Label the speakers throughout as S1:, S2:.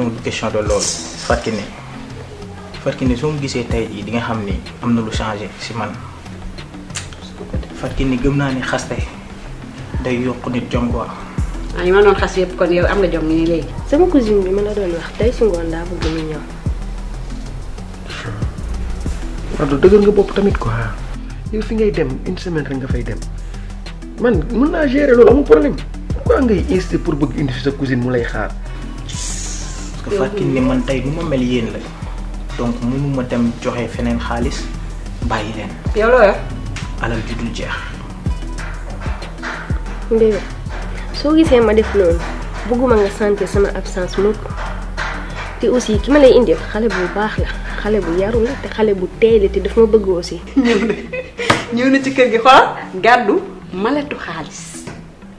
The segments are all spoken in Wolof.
S1: non de loolu Fatou Kiné Fatou Kiné soo mu gisee tey jii di nga xam ni am na lu changé si man Fatou Kiné gëm naa ni xaste day yokk nit jom quoi. ah ñu xas yëpp kon yow am nga jom ñu ne léegi. sama cousine bi ma la doon wax tey si ngoon daa bëgg ñu ñëw. dëgër nga bopp tamit quoi yow fi ngay dem une semaine rek nga fay dem man mën naa gérer loolu amul problème pourquoi ngay insisté pour bëgg indi sa cousine mu lay xaar. parce que fàttali ni man tay nu mel yeen la donc mënu ma dem joxe fenen khalis bayi len yow lo yor. alal ju dul jeex. Mbébé soo gisee ma def loolu buguma nga sentir sama absence mukk te aussi ki ma lay indi xale bu baax la xale bu yarul te xale bu teey te daf ma bëgg aussi. ñew na ci kër gi xol gaddu maletu khalis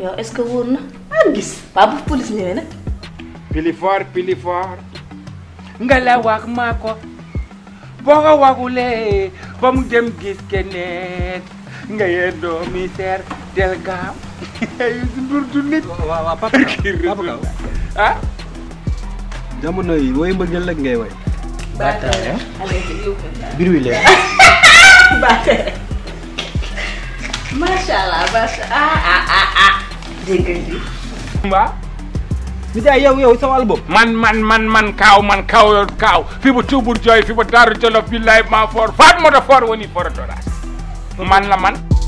S1: yow est-ce que wourna ah gis waaw bu police ñewé nak pilifar pilifar ngala wak mako boga wagule bam dem gis kenet nga yedo miser del gam ndur du nit wa wa papa papa ha ah? jamono yi way mbeugel lek ngay way bata ya bir wi le Masha Allah, bas ah ah ah ah degg ndi Bidaay yow yow sa wàll bopp. man man man man kaaw man kaaw kaaw fi ba Tuubur jooy fi ba Daaru Jolof billaay maa foor Fatma da foor woni foro doraas man la man.